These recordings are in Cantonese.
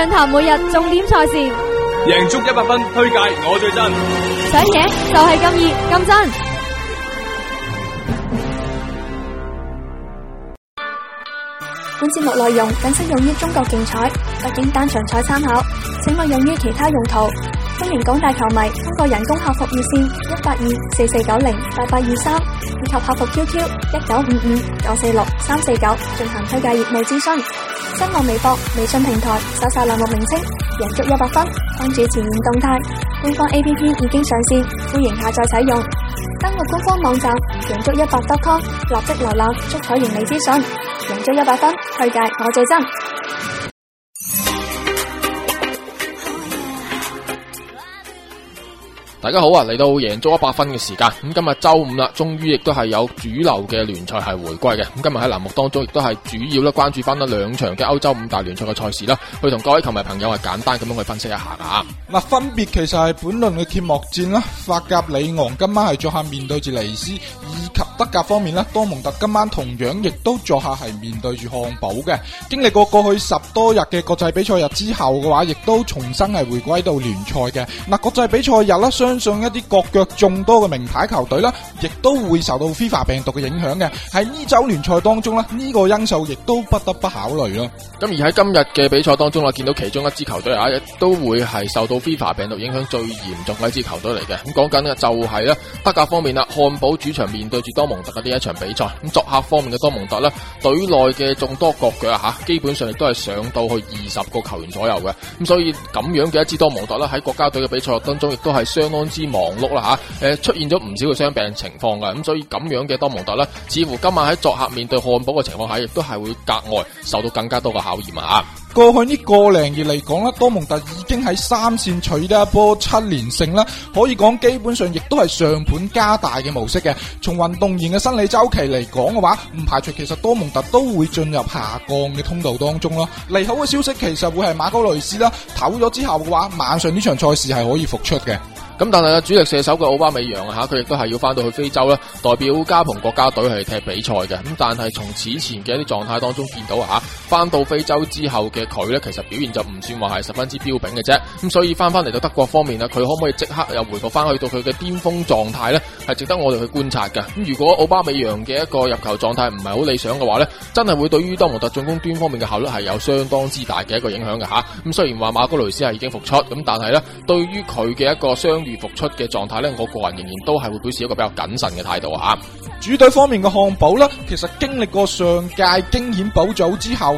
暢談每日重點賽事，贏足一百分推介，我最真。想贏就係咁易咁真。本節目內容僅適用於中國競彩北京單場彩參考，請勿用於其他用途。歡迎廣大球迷通過人工客服熱線一八二四四九零八八二三以及客服 QQ 一九五五九四六三四九進行推介業務諮詢。新浪微博、微信平台，搜索欄目名稱，贏足一百分。關注前沿動態，官方 A P P 已經上線，歡迎下載使用。登錄官方網站，贏足一百分 .com，立即瀏覽足彩盈利資訊。贏足一百分，推介我最真。大家好啊！嚟到贏足一百分嘅時間，咁今日周五啦，終於亦都係有主流嘅聯賽係回歸嘅。咁今日喺欄目當中，亦都係主要咧關注翻啦兩場嘅歐洲五大聯賽嘅賽事啦，去同各位球迷朋友係簡單咁樣去分析一下啊。嗱，分別其實係本輪嘅揭幕戰啦，法甲里昂今晚係作客面對住尼斯，以及德甲方面啦。多蒙特今晚同樣亦都作客係面對住漢堡嘅。經歷過過去十多日嘅國際比賽日之後嘅話，亦都重新係回歸到聯賽嘅。嗱，國際比賽日啦，相信一啲國腳眾多嘅名牌球隊啦，亦都會受到 FIFA 病毒嘅影響嘅。喺呢周聯賽當中呢，呢、呢個因素亦都不得不考慮咯。咁而喺今日嘅比賽當中，我見到其中一支球隊啊，亦都會係受到 FIFA 病毒影響最嚴重嘅一支球隊嚟嘅。咁講緊咧，就係咧德甲方面啦，漢堡主場面對住多蒙特嘅呢一場比賽。咁作客方面嘅多蒙特呢，隊內嘅眾多國腳啊，吓基本上亦都係上到去二十個球員左右嘅。咁所以咁樣嘅一支多蒙特咧，喺國家隊嘅比賽當中，亦都係相當。當之忙碌啦吓，誒出現咗唔少嘅傷病情況嘅，咁所以咁樣嘅多蒙特呢，似乎今晚喺作客面對漢堡嘅情況下，亦都係會格外受到更加多嘅考驗啊！過去呢個零月嚟講咧，多蒙特已經喺三線取得一波七連勝啦，可以講基本上亦都係上盤加大嘅模式嘅。從運動員嘅生理週期嚟講嘅話，唔排除其實多蒙特都會進入下降嘅通道當中咯。利好嘅消息其實會係馬高雷斯啦，唞咗之後嘅話，晚上呢場賽事係可以復出嘅。咁但係個主力射手嘅奧巴美揚啊吓，佢亦都係要返到去非洲啦，代表加蓬國家隊去踢比賽嘅。咁但係從此前嘅一啲狀態當中見到啊。翻到非洲之後嘅佢呢，其實表現就唔算話係十分之標炳嘅啫。咁所以翻翻嚟到德國方面啦，佢可唔可以即刻又回復翻去到佢嘅巔峰狀態呢？係值得我哋去觀察嘅。咁如果奧巴美揚嘅一個入球狀態唔係好理想嘅話呢，真係會對於多蒙特進攻端方面嘅效率係有相當之大嘅一個影響嘅吓。咁雖然話馬哥雷斯係已經復出，咁但係呢，對於佢嘅一個傷愈復出嘅狀態呢，我個人仍然都係會表示一個比較謹慎嘅態度啊。主隊方面嘅漢堡呢，其實經歷過上屆驚險保組之後。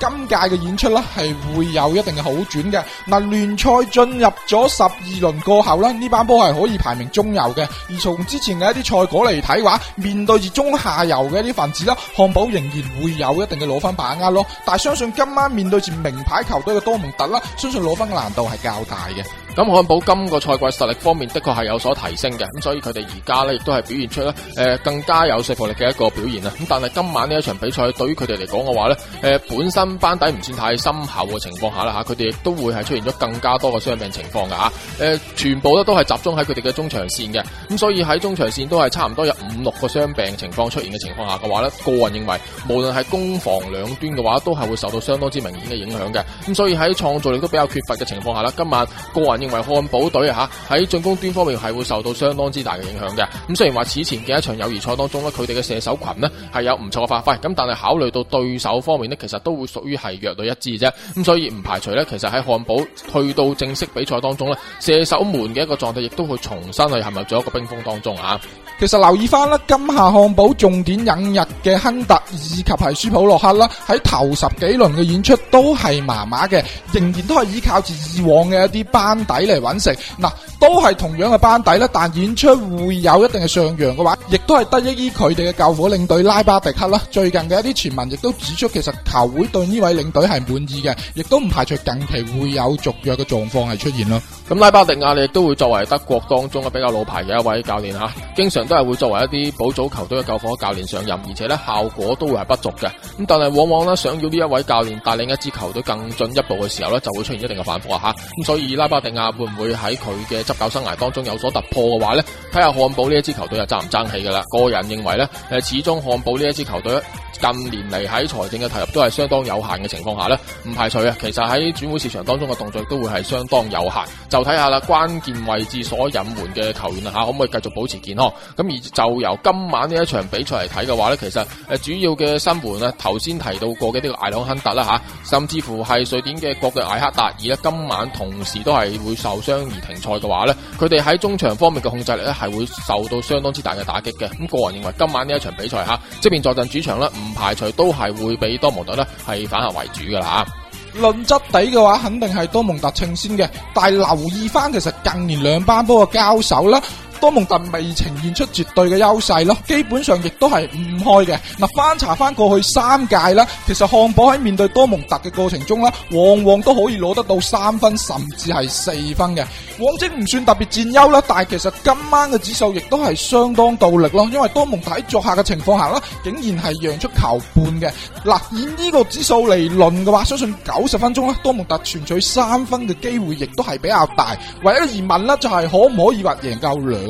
今屆嘅演出啦，係會有一定嘅好轉嘅。嗱，聯賽進入咗十二輪過後啦，呢班波係可以排名中游嘅。而從之前嘅一啲賽果嚟睇嘅話，面對住中下游嘅一啲份子啦，漢堡仍然會有一定嘅攞分把握咯。但係相信今晚面對住名牌球隊嘅多蒙特啦，相信攞分難度係較大嘅。咁漢堡今個賽季實力方面的確係有所提升嘅，咁所以佢哋而家咧亦都係表現出咧，誒、呃、更加有說服力嘅一個表現啦，咁但係今晚呢一場比賽對於佢哋嚟講嘅話咧，誒、呃、本身。班底唔算太深厚嘅情況下啦吓，佢哋亦都會係出現咗更加多嘅傷病情況噶吓，誒、呃，全部咧都係集中喺佢哋嘅中場線嘅，咁所以喺中場線都係差唔多有五六個傷病情況出現嘅情況下嘅話咧，個人認為無論係攻防兩端嘅話，都係會受到相當之明顯嘅影響嘅，咁所以喺創造力都比較缺乏嘅情況下啦，今晚個人認為漢堡隊吓喺進攻端方面係會受到相當之大嘅影響嘅，咁雖然話此前嘅一場友誼賽當中咧，佢哋嘅射手群咧係有唔錯嘅發揮，咁但係考慮到對手方面呢，其實都會於係弱到一致啫，咁所以唔排除咧，其實喺漢堡去到正式比賽當中咧，射手門嘅一個狀態亦都會重新去陷入咗一個冰封當中啊。其實留意翻啦，今夏漢堡重點引入嘅亨特以及係舒普洛克啦，喺頭十幾輪嘅演出都係麻麻嘅，仍然都係依靠住以往嘅一啲班底嚟搵食。嗱、啊，都係同樣嘅班底啦，但演出會有一定嘅上揚嘅話，亦都係得益於佢哋嘅救火領隊拉巴迪克啦。最近嘅一啲傳聞亦都指出，其實球會對呢位領隊係滿意嘅，亦都唔排除近期會有續約嘅狀況係出現咯。咁拉巴迪亞你亦都會作為德國當中嘅比較老牌嘅一位教練吓、啊，經常。都係會作為一啲補組球隊嘅救火教練上任，而且咧效果都會係不俗嘅。咁但係往往咧想要呢一位教練帶領一支球隊更進一步嘅時候咧，就會出現一定嘅反復啊吓。咁所以拉巴迪亞會唔會喺佢嘅執教生涯當中有所突破嘅話咧，睇下漢堡呢一支球隊又爭唔爭氣嘅啦。個人認為咧，誒始終漢堡呢一支球隊近年嚟喺財政嘅投入都係相當有限嘅情況下咧，唔排除啊。其實喺轉會市場當中嘅動作都會係相當有限。就睇下啦，關鍵位置所隱瞞嘅球員啊吓，可唔可以繼續保持健康？咁而就由今晚呢一場比賽嚟睇嘅話咧，其實主要嘅新援啊，頭先提到過嘅呢個艾朗亨特啦嚇，甚至乎係瑞典嘅國腳嘅艾克達爾呢，今晚同時都係會受傷而停賽嘅話咧，佢哋喺中場方面嘅控制力咧，係會受到相當之大嘅打擊嘅。咁個人認為今晚呢一場比賽下，即便坐陣主場啦，唔排除都係會俾多蒙特呢係反客為主嘅啦嚇。論質底嘅話，肯定係多蒙特稱先嘅，但係留意翻其實近年兩班波嘅交手啦。多蒙特未呈現出絕對嘅優勢咯，基本上亦都係唔開嘅。嗱，翻查翻過去三屆啦，其實漢堡喺面對多蒙特嘅過程中啦，往往都可以攞得到三分甚至係四分嘅。往績唔算特別佔優啦，但係其實今晚嘅指數亦都係相當到力咯，因為多蒙特喺作客嘅情況下啦，竟然係讓出球半嘅。嗱，以呢個指數嚟論嘅話，相信九十分鐘多蒙特全取三分嘅機會亦都係比較大。唯一疑問呢，就係可唔可以話贏夠兩？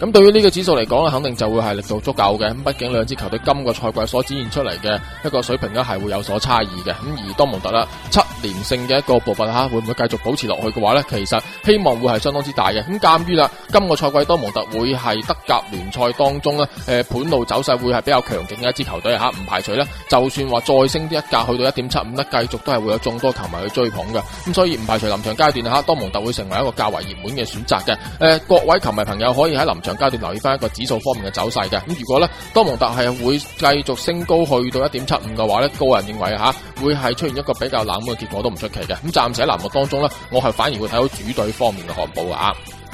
咁對於呢個指數嚟講咧，肯定就會係力度足夠嘅。咁畢竟兩支球隊今個賽季所展現出嚟嘅一個水平呢係會有所差異嘅。咁而多蒙特啦，七年勝七連勝嘅一個部分嚇、啊，會唔會繼續保持落去嘅話呢其實希望會係相當之大嘅。咁、嗯、鑑於啦，今、這個賽季多蒙特會係德甲聯賽當中呢誒盤、呃、路走勢會係比較強勁嘅一支球隊嚇，唔、啊、排除咧，就算話再升啲一格去到一點七五，呢繼續都係會有眾多球迷去追捧嘅。咁、嗯、所以唔排除臨場階段嚇，多蒙特會成為一個較為熱門嘅選擇嘅。誒、呃、各位球迷朋友可以喺臨長階段留意翻一個指數方面嘅走勢嘅，咁如果咧多蒙特係會繼續升高去到一點七五嘅話咧，個人認為吓、啊、會係出現一個比較冷門嘅結果都唔出奇嘅。咁、嗯、暫時喺欄目當中咧，我係反而會睇到主隊方面嘅漢堡啊。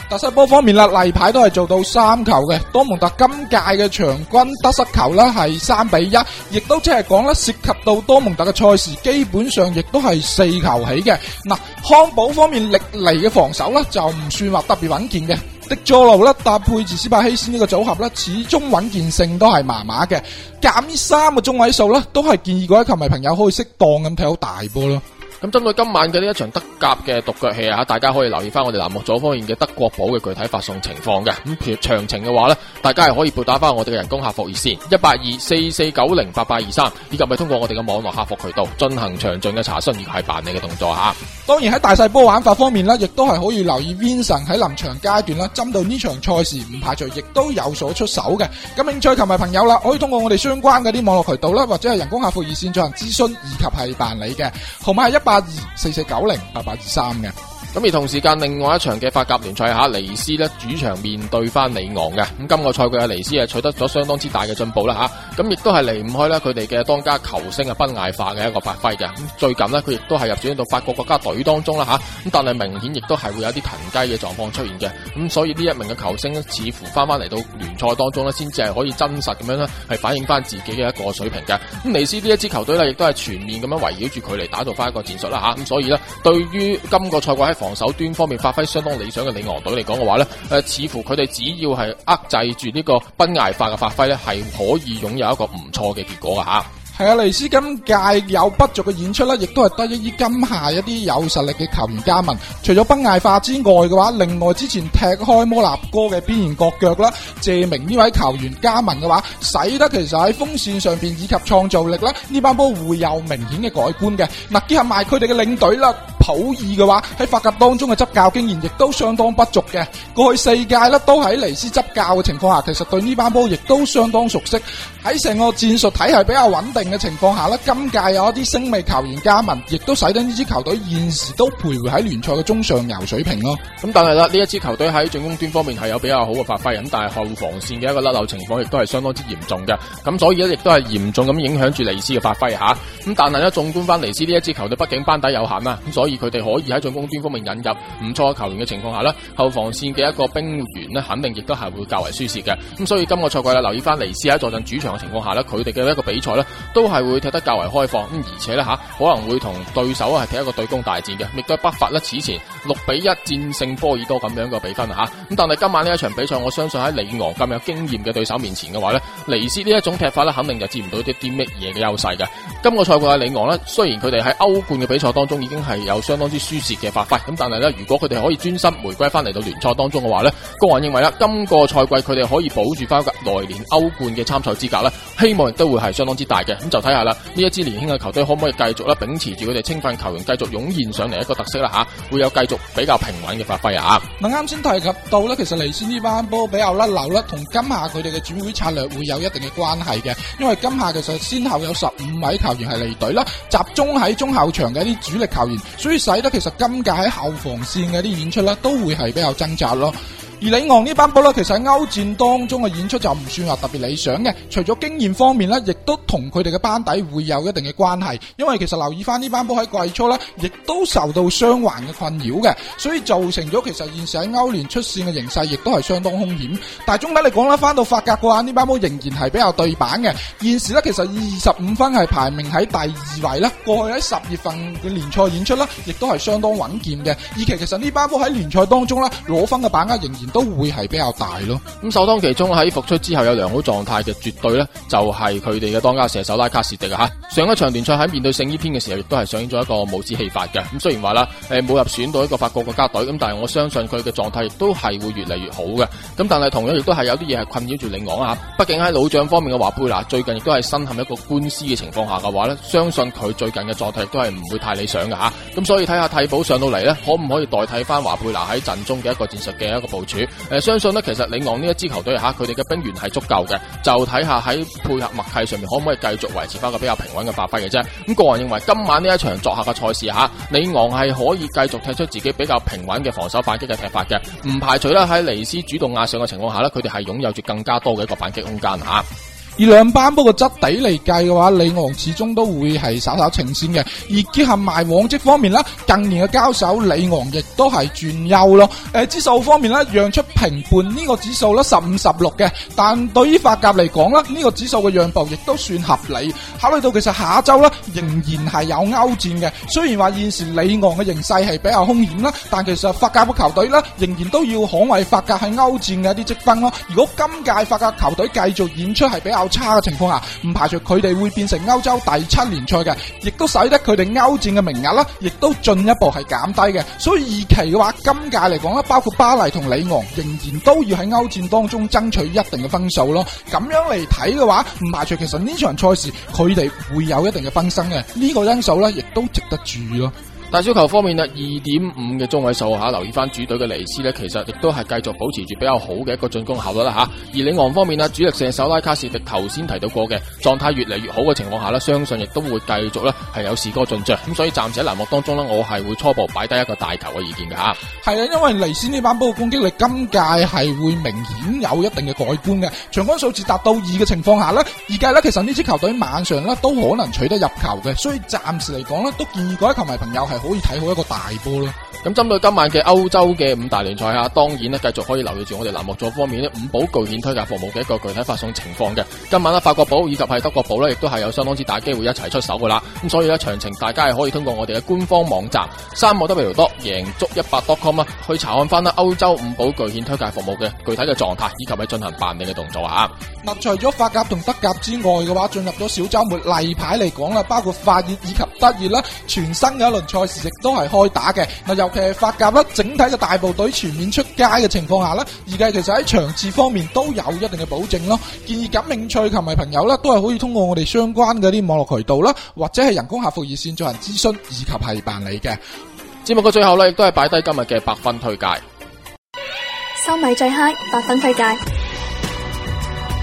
大細波方面啦，例牌都係做到三球嘅，多蒙特今屆嘅場均得失球呢係三比一，亦都即係講啦，涉及到多蒙特嘅賽事，基本上亦都係四球起嘅。嗱，漢堡方面歷嚟嘅防守咧就唔算話特別穩健嘅。的座流啦，搭配住斯帕希斯呢個組合啦，始終穩健性都係麻麻嘅。減呢三個中位數啦，都係建議各位球迷朋友可以適當咁睇好大波咯。咁針對今晚嘅呢一場德甲嘅獨腳戲啊，大家可以留意翻我哋欄目左方面嘅德國寶嘅具體發送情況嘅。咁譬如詳情嘅話呢，大家係可以撥打翻我哋嘅人工客服熱線一八二四四九零八八二三，823, 以及咪通過我哋嘅網絡客服渠道進行詳盡嘅查詢以及係辦理嘅動作吓。當然喺大細波玩法方面呢，亦都係可以留意 Vincent 喺臨場階段啦，針對呢場賽事唔排除亦都有所出手嘅。咁興趣同埋朋友啦，可以通過我哋相關嘅啲網絡渠道啦，或者係人工客服熱線進行諮詢以及係辦理嘅號碼係一八二四四九零八八二三嘅。咁而同時間，另外一場嘅法甲聯賽吓，尼斯呢主場面對翻里昂嘅。咁今個賽季啊，尼斯係取得咗相當之大嘅進步啦吓。咁亦都係離唔開咧佢哋嘅當家球星啊，不艾化嘅一個發揮嘅。最近呢，佢亦都係入選到法國國家隊當中啦吓。咁但係明顯亦都係會有啲騰雞嘅狀況出現嘅。咁所以呢一名嘅球星，似乎翻翻嚟到聯賽當中呢，先至係可以真實咁樣呢係反映翻自己嘅一個水平嘅。咁尼斯呢一支球隊呢，亦都係全面咁樣圍繞住佢嚟打造翻一個戰術啦吓。咁所以呢，對於今個賽季。防守端方面發揮相當理想嘅里昂隊嚟講嘅話咧，誒、呃，似乎佢哋只要係扼制住呢個崩艾化嘅發揮咧，係可以擁有一個唔錯嘅結果嘅吓。係啊，啊，尼斯今屆有不俗嘅演出啦，亦都係得益於今夏一啲有實力嘅球員加盟。除咗崩艾化之外嘅話，另外之前踢開摩納哥嘅邊緣角腳啦，謝明呢位球員加盟嘅話，使得其實喺鋒線上邊以及創造力啦，呢班波會有明顯嘅改觀嘅。嗱，結合埋佢哋嘅領隊啦。普爾嘅話喺法甲當中嘅執教經驗亦都相當不俗嘅，過去四屆咧，都喺尼斯執教嘅情況下，其實對呢班波亦都相當熟悉。喺成個戰術體系比較穩定嘅情況下咧，今屆有一啲星味球員加盟，亦都使得呢支球隊現時都徘徊喺聯賽嘅中上游水平咯。咁但係咧，呢一支球隊喺進攻端方面係有比較好嘅發揮，咁但係後防線嘅一個甩漏情況亦都係相當之嚴重嘅。咁所以咧，亦都係嚴重咁影響住尼斯嘅發揮吓。咁、啊、但係呢，縱觀翻尼斯呢一支球隊，畢竟班底有限啦，咁所以。佢哋可以喺進攻端方面引入唔錯嘅球員嘅情況下呢，後防線嘅一個兵員呢，肯定亦都係會較為舒適嘅。咁、嗯、所以今個賽季啦，留意翻尼斯喺坐鎮主場嘅情況下呢，佢哋嘅一個比賽呢，都係會踢得較為開放。咁而且呢吓，可能會同對手係踢一個對攻大戰嘅，亦都不乏呢此前六比一戰勝波爾多咁樣嘅比分吓、啊。咁、嗯、但係今晚呢一場比賽，我相信喺里昂咁有經驗嘅對手面前嘅話呢，尼斯呢一種踢法呢，肯定就佔唔到一啲乜嘢嘅優勢嘅。今個賽季嘅里昂呢雖然佢哋喺歐冠嘅比賽當中已經係有。相當之舒適嘅發揮，咁但係咧，如果佢哋可以專心回歸翻嚟到聯賽當中嘅話咧，個人認為啦，今個賽季佢哋可以保住翻來年歐冠嘅參賽資格咧。希望都會係相當之大嘅，咁就睇下啦。呢一支年輕嘅球隊可唔可以繼續咧秉持住佢哋青訓球員繼續湧現上嚟，一個特色啦吓，會有繼續比較平穩嘅發揮啊。咁啱先提及到咧，其實離線呢班波比較甩流啦，同今夏佢哋嘅轉會策略會有一定嘅關係嘅，因為今夏其實先後有十五位球員係離隊啦，集中喺中後場嘅一啲主力球員，所以使得其實今屆喺後防線嘅一啲演出咧，都會係比較掙扎咯。而里昂呢班波咧，其實喺歐戰當中嘅演出就唔算話特別理想嘅，除咗經驗方面咧，亦都同佢哋嘅班底會有一定嘅關係。因為其實留意翻呢班波喺季初咧，亦都受到傷患嘅困擾嘅，所以造成咗其實現時喺歐聯出線嘅形勢亦都係相當凶險。但係總體嚟講咧，翻到法甲嘅話，呢班波仍然係比較對版嘅。現時咧，其實二十五分係排名喺第二位啦。過去喺十月份嘅聯賽演出啦，亦都係相當穩健嘅。而其其實呢班波喺聯賽當中咧，攞分嘅把握仍然。都會係比較大咯。咁首當其衝喺復出之後有良好狀態嘅，絕對呢，就係佢哋嘅當家射手拉卡士迪啊！吓，上一場聯賽喺面對聖衣篇嘅時候，亦都係上演咗一個帽子戲法嘅。咁雖然話啦，誒、呃、冇入選到一個法國嘅國家隊，咁但係我相信佢嘅狀態亦都係會越嚟越好嘅。咁但係同樣亦都係有啲嘢係困擾住里昂啊。畢竟喺老將方面嘅華佩娜最近亦都係身陷一個官司嘅情況下嘅話咧，相信佢最近嘅狀態亦都係唔會太理想嘅吓、啊。咁所以睇下替補上到嚟呢，可唔可以代替翻華佩娜喺陣中嘅一個戰術嘅一個部署？誒，相信呢，其實李昂呢一支球隊吓，佢哋嘅兵員係足夠嘅，就睇下喺配合默契上面可唔可以繼續維持翻個比較平穩嘅發揮嘅啫。咁個人認為，今晚呢一場作客嘅賽事吓，李昂係可以繼續踢出自己比較平穩嘅防守反擊嘅踢法嘅，唔排除呢，喺尼斯主動壓上嘅情況下呢，佢哋係擁有住更加多嘅一個反擊空間吓。以兩班波嘅質地嚟計嘅話，李昂始終都會係稍稍呈先嘅。而結合埋往績方面啦，近年嘅交手李昂亦都係佔優咯。誒、呃，指數方面咧，讓出平半呢個指數啦，十五十六嘅。但對於法甲嚟講啦，呢、這個指數嘅讓步亦都算合理。考慮到其實下周啦，仍然係有歐戰嘅。雖然話現時李昂嘅形勢係比較兇險啦，但其實法甲嘅球隊啦，仍然都要捍衛法甲係歐戰嘅一啲積分咯。如果今屆法甲球隊繼續演出係比較，差嘅情況下，唔排除佢哋會變成歐洲第七聯賽嘅，亦都使得佢哋歐戰嘅名額啦，亦都進一步係減低嘅。所以二期嘅話，今屆嚟講啦，包括巴黎同里昂仍然都要喺歐戰當中爭取一定嘅分數咯。咁樣嚟睇嘅話，唔排除其實呢場賽事佢哋會有一定嘅分身嘅，呢個因素咧，亦都值得注意咯。大小球方面啊，二點五嘅中位數吓，留意翻主隊嘅尼斯咧，其實亦都係繼續保持住比較好嘅一個進攻效率啦吓。而里昂方面啊，主力射手拉卡士迪頭先提到過嘅狀態越嚟越好嘅情況下咧，相信亦都會繼續咧係有士哥進賬。咁所以暫時喺欄目當中咧，我係會初步擺低一個大球嘅意見嘅吓。係啊，因為尼斯呢班波嘅攻擊力今屆係會明顯有一定嘅改觀嘅，場均數字達到二嘅情況下呢預計咧，其實呢支球隊晚上咧都可能取得入球嘅，所以暫時嚟講咧都建議各位球迷朋友係。可以睇好一個大波啦。咁針對今晚嘅歐洲嘅五大聯賽啊，當然咧繼續可以留意住我哋欄目組方面咧五寶巨獻推介服務嘅一個具體發送情況嘅。今晚呢，法國寶以及係德國寶呢，亦都係有相當之大機會一齊出手噶啦。咁所以呢，詳情大家係可以通過我哋嘅官方網站三個多倍多贏足一百 .com 啊，去查看翻啦歐洲五寶巨獻推介服務嘅具體嘅狀態，以及係進行辦理嘅動作啊。嗱，除咗法甲同德甲之外嘅話，進入咗小週末例牌嚟講啦，包括法乙以及德乙啦，全新嘅一輪賽時亦都係開打嘅。嗱，尤其係法甲啦，整體嘅大部隊全面出街嘅情況下呢，預計其實喺場次方面都有一定嘅保證咯。建議感興趣、球迷朋友呢，都係可以通過我哋相關嘅啲網絡渠道啦，或者係人工客服熱線進行諮詢以及係辦理嘅。節目嘅最後呢，亦都係擺低今日嘅百分推介，收米最嗨百分推介。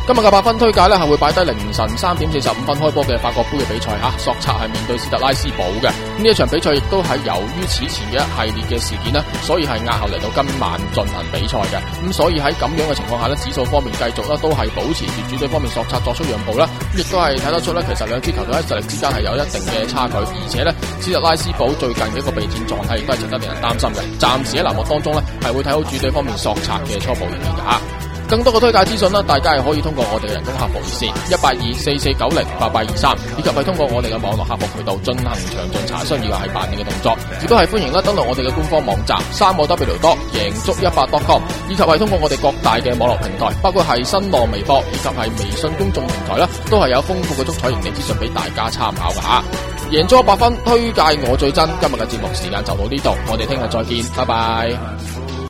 今日嘅八分推介咧，係會擺低凌晨三點四十五分開波嘅法國盃嘅比賽吓、啊，索策係面對斯特拉斯堡嘅。呢一場比賽亦都係由於此前嘅一系列嘅事件咧，所以係押後嚟到今晚進行比賽嘅。咁所以喺咁樣嘅情況下呢，指數方面繼續都係保持住主隊方面索策作出讓步啦。亦都係睇得出咧，其實兩支球隊喺實力之間係有一定嘅差距，而且呢，斯特拉斯堡最近嘅一個備戰狀態亦都係值得令人擔心嘅。暫時喺欄幕當中呢，係會睇好主隊方面索策嘅初步意見噶吓。更多嘅推介資訊啦，大家係可以通過我哋嘅人工客服熱線一八二四四九零八八二三，823，以及係通過我哋嘅網絡客服渠道進行詳盡查詢，以及係辦理嘅動作，亦都係歡迎啦，登錄我哋嘅官方網站三個 w 多贏足一百 dot com 以及係通過我哋各大嘅網絡平台，包括係新浪微博以及係微信公眾平台啦，都係有豐富嘅足彩盈利資訊俾大家參考噶吓。贏足一百分，推介我最真。今日嘅節目時間就到呢度，我哋聽日再見，拜拜。